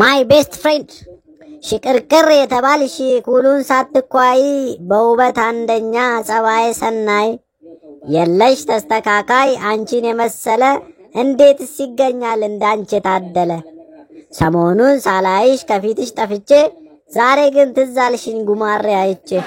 ማይ ቤስት ፍሬንድ ሽቅርቅር የተባልሽ ኩሉን ሳትኳይ በውበት አንደኛ ጸባይ ሰናይ የለሽ ተስተካካይ አንቺን የመሰለ እንዴትስ ይገኛል እንዳንቺ ታደለ! ሰሞኑን ሳላይሽ ከፊትሽ ጠፍቼ ዛሬ ግን ትዝ አልሽኝ ጉማሬ አይቼ